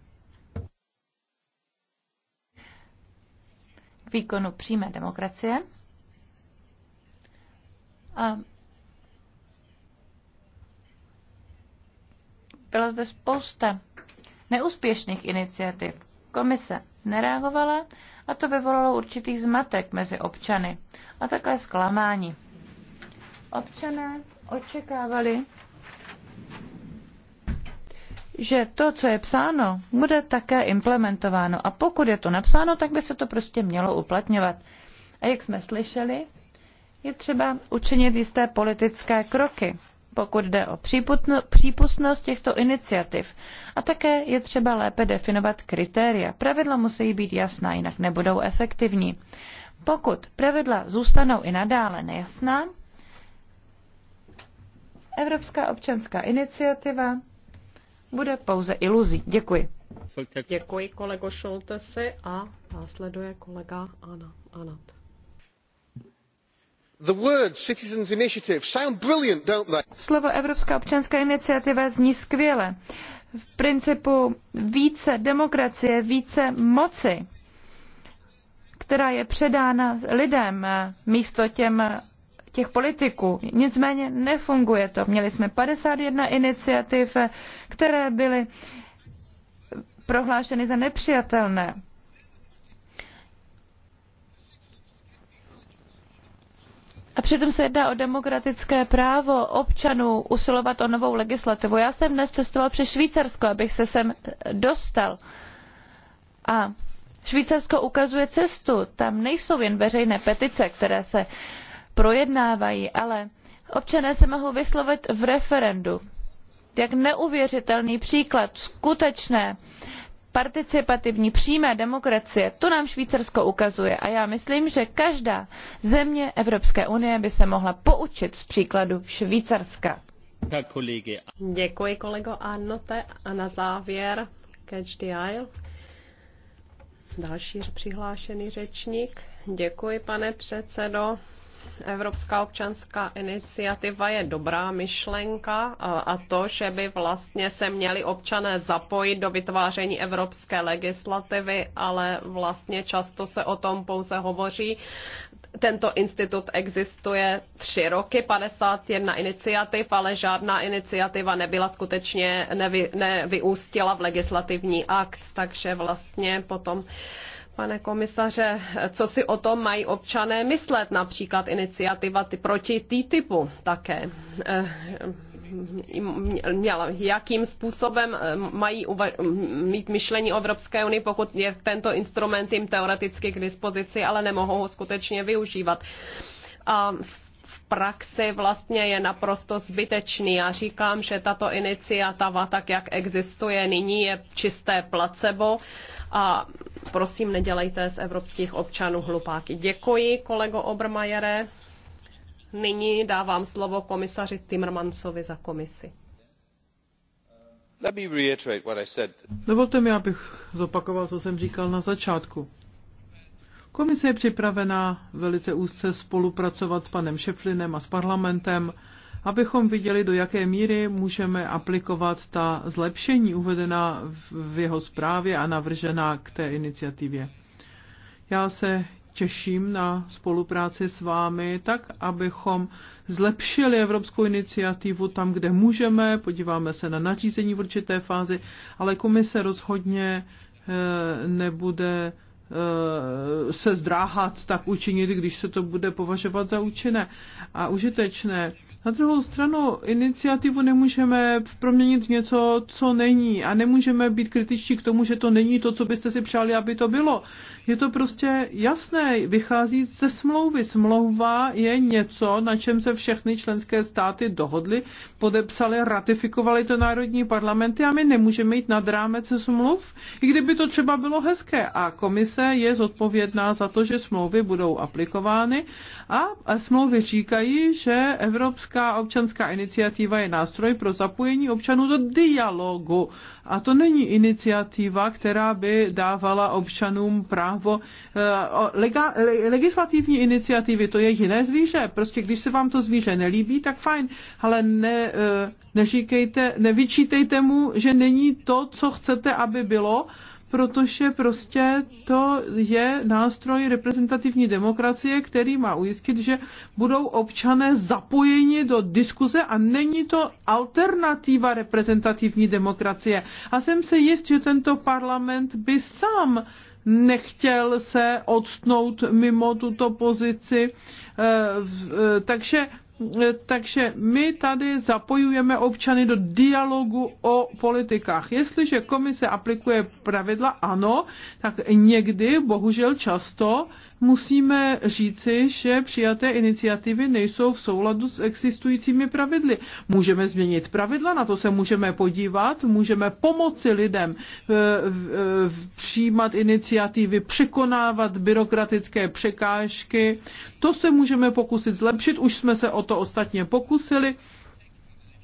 k výkonu přímé demokracie a byla zde spousta neúspěšných iniciativ. Komise nereagovala a to vyvolalo určitý zmatek mezi občany a také zklamání. Občané očekávali, že to, co je psáno, bude také implementováno. A pokud je to napsáno, tak by se to prostě mělo uplatňovat. A jak jsme slyšeli, je třeba učinit jisté politické kroky pokud jde o přípustnost těchto iniciativ. A také je třeba lépe definovat kritéria. Pravidla musí být jasná, jinak nebudou efektivní. Pokud pravidla zůstanou i nadále nejasná, Evropská občanská iniciativa bude pouze iluzí. Děkuji. Děkuji kolego Šoltesi a následuje kolega Ana. Anat. Slovo Evropská občanská iniciativa zní skvěle. V principu více demokracie, více moci, která je předána lidem místo těm těch politiků. Nicméně nefunguje to. Měli jsme 51 iniciativ, které byly prohlášeny za nepřijatelné. A přitom se jedná o demokratické právo občanů usilovat o novou legislativu. Já jsem dnes cestoval přes Švýcarsko, abych se sem dostal. A Švýcarsko ukazuje cestu. Tam nejsou jen veřejné petice, které se projednávají, ale občané se mohou vyslovit v referendu. Jak neuvěřitelný příklad skutečné uh, participativní přímé demokracie to nám švýcarsko ukazuje a já myslím že každá země evropské unie by se mohla poučit z příkladu švýcarska. Děkuji kolego Arnote a na závěr Catch the Isle. Další přihlášený řečník. Děkuji pane předsedo. Evropská občanská iniciativa je dobrá myšlenka a to, že by vlastně se měli občané zapojit do vytváření evropské legislativy, ale vlastně často se o tom pouze hovoří. Tento institut existuje tři roky, 51 iniciativ, ale žádná iniciativa nebyla skutečně, nevy, nevyústila v legislativní akt, takže vlastně potom Pane komisaře, co si o tom mají občané myslet, například iniciativa ty proti TTIPu také? Eh, jakým způsobem eh, mají mít myšlení o Evropské unii, pokud je tento instrument jim teoreticky k dispozici, ale nemohou ho skutečně využívat. A v v praxi vlastně je naprosto zbytečný. Já říkám, že tato iniciativa, tak jak existuje nyní, je čisté placebo a prosím, nedělejte z evropských občanů hlupáky. Děkuji, kolego Obermajere. Nyní dávám slovo komisaři Timmermansovi za komisi. Dovolte mi, abych zopakoval, co jsem říkal na začátku. Komise je připravená velice úzce spolupracovat s panem Šeflinem a s parlamentem, abychom viděli, do jaké míry můžeme aplikovat ta zlepšení uvedená v jeho zprávě a navržená k té iniciativě. Já se těším na spolupráci s vámi, tak abychom zlepšili evropskou iniciativu tam, kde můžeme. Podíváme se na nařízení v určité fázi, ale komise rozhodně eh, nebude se zdráhat tak učinit, když se to bude považovat za účinné a užitečné. Na druhou stranu iniciativu nemůžeme proměnit něco, co není a nemůžeme být kritičtí k tomu, že to není to, co byste si přáli, aby to bylo. Je to prostě jasné, vychází ze smlouvy. Smlouva je něco, na čem se všechny členské státy dohodly, podepsali, ratifikovali to národní parlamenty a my nemůžeme jít nad rámec smluv, i kdyby to třeba bylo hezké. A komise je zodpovědná za to, že smlouvy budou aplikovány a smlouvy říkají, že Evropská občanská iniciativa je nástroj pro zapojení občanů do dialogu. A to není iniciativa, která by dávala občanům právo právo eh, legislativní iniciativy, to je jiné zvíře. Prostě když se vám to zvíře nelíbí, tak fajn, ale ne, eh, neříkejte, nevyčítejte mu, že není to, co chcete, aby bylo, protože prostě to je nástroj reprezentativní demokracie, který má ujistit, že budou občané zapojeni do diskuze a není to alternativa reprezentativní demokracie. A jsem se jist, že tento parlament by sám nechtěl se odstnout mimo tuto pozici. Eh, eh, takže eh, takže my tady zapojujeme občany do dialogu o politikách. Jestliže komise aplikuje pravidla, ano, tak někdy, bohužel často, musíme říci, že přijaté iniciativy nejsou v souladu s existujícími pravidly. Můžeme změnit pravidla, na to se můžeme podívat, můžeme pomoci lidem eh, eh, přijímat iniciativy, překonávat byrokratické překážky. To se můžeme pokusit zlepšit, už jsme se o to ostatně pokusili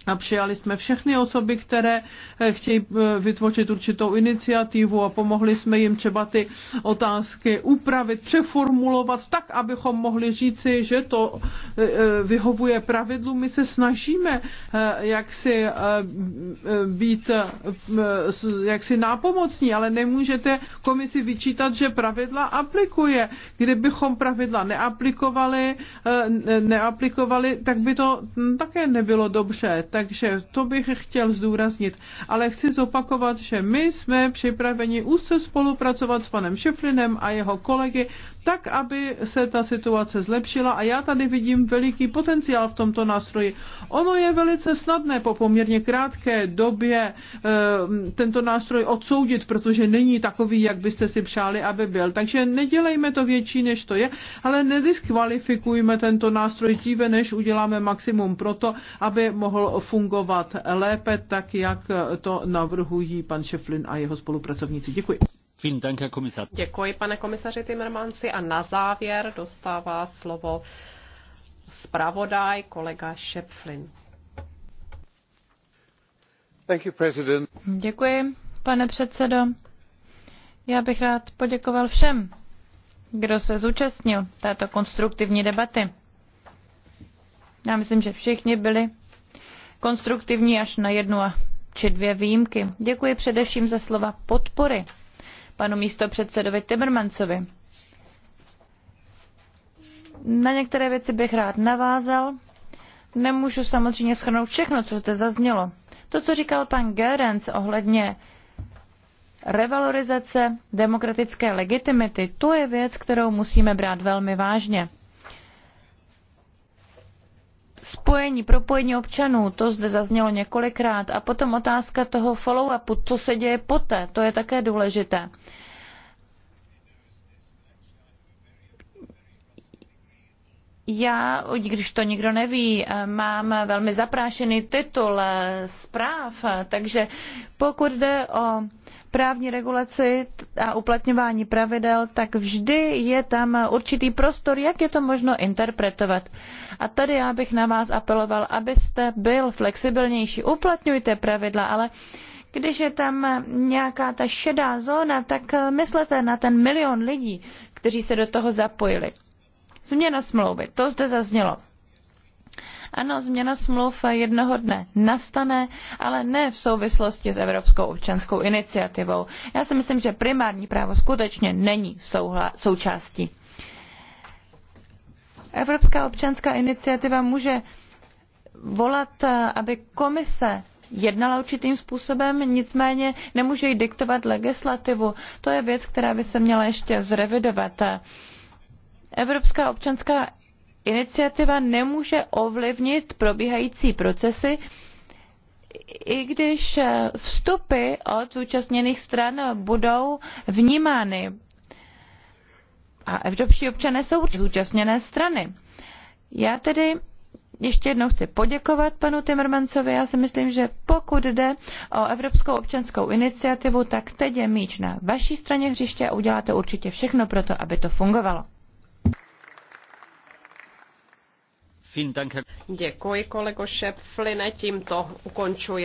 a přijali jsme všechny osoby, které eh, chtějí eh, vytvořit určitou iniciativu a pomohli jsme jim třeba ty otázky upravit, přeformulovat tak, abychom mohli říci, že to eh, vyhovuje pravidlu. My se snažíme jak si být jak si nápomocní, ale nemůžete komisi vyčítat, že pravidla aplikuje. Kdybychom pravidla neaplikovali, neaplikovali tak by to hm, také nebylo dobře. Takže to bych chtěl zdůraznit. Ale chci zopakovat, že my jsme připraveni úzce spolupracovat s panem Šeflinem a jeho kolegy tak, aby se ta situace zlepšila a já tady vidím veliký potenciál v tomto nástroji. Ono je velice snadné po poměrně krátké době eh, tento nástroj odsoudit, protože není takový, jak byste si přáli, aby byl. Takže nedělejme to větší, než to je, ale nediskvalifikujme tento nástroj dříve, než uděláme maximum pro to, aby mohl fungovat lépe, tak jak to navrhují pan Šeflin a jeho spolupracovníci. Děkuji. Děkuji, pane komisaři Timmermansi. A na závěr dostává slovo zpravodaj kolega Šepflin. Děkuji, pane předsedo. Já bych rád poděkoval všem, kdo se zúčastnil této konstruktivní debaty. Já myslím, že všichni byli konstruktivní až na jednu či dvě výjimky. Děkuji především za slova podpory panu místopředsedovi Timmermansovi. Na některé věci bych rád navázal. Nemůžu samozřejmě schrnout všechno, co zde zaznělo. To, co říkal pan Gerens ohledně revalorizace demokratické legitimity, to je věc, kterou musíme brát velmi vážně spojení, propojení občanů, to zde zaznělo několikrát. A potom otázka toho follow-upu, co se děje poté, to je také důležité. Já, když to nikdo neví, mám velmi zaprášený titul eh, zpráv, takže pokud jde o právní regulaci a uplatňování pravidel, tak vždy je tam určitý prostor, jak je to možno interpretovat. A tady já bych na vás apeloval, abyste byl flexibilnější, uplatňujte pravidla, ale když je tam nějaká ta šedá zóna, tak myslete na ten milion lidí, kteří se do toho zapojili. Změna smlouvy, to zde zaznělo. Ano, změna smluv jednoho dne nastane, ale ne v souvislosti s Evropskou občanskou iniciativou. Já si myslím, že primární právo skutečně není souhla, součástí. Evropská občanská iniciativa může volat, aby komise jednala určitým způsobem, nicméně nemůže jí diktovat legislativu. To je věc, která by se měla ještě zrevidovat. Evropská občanská iniciativa nemůže ovlivnit probíhající procesy, i když eh, vstupy od zúčastněných stran budou vnímány. A evropští občané jsou zúčastněné strany. Já tedy ještě jednou chci poděkovat panu Timmermansovi. Já si myslím, že pokud jde o Evropskou občanskou iniciativu, tak teď je míč na vaší straně hřiště a uděláte určitě všechno pro to, aby to fungovalo. Děkuji kolego Šepfline, tímto ukončuji.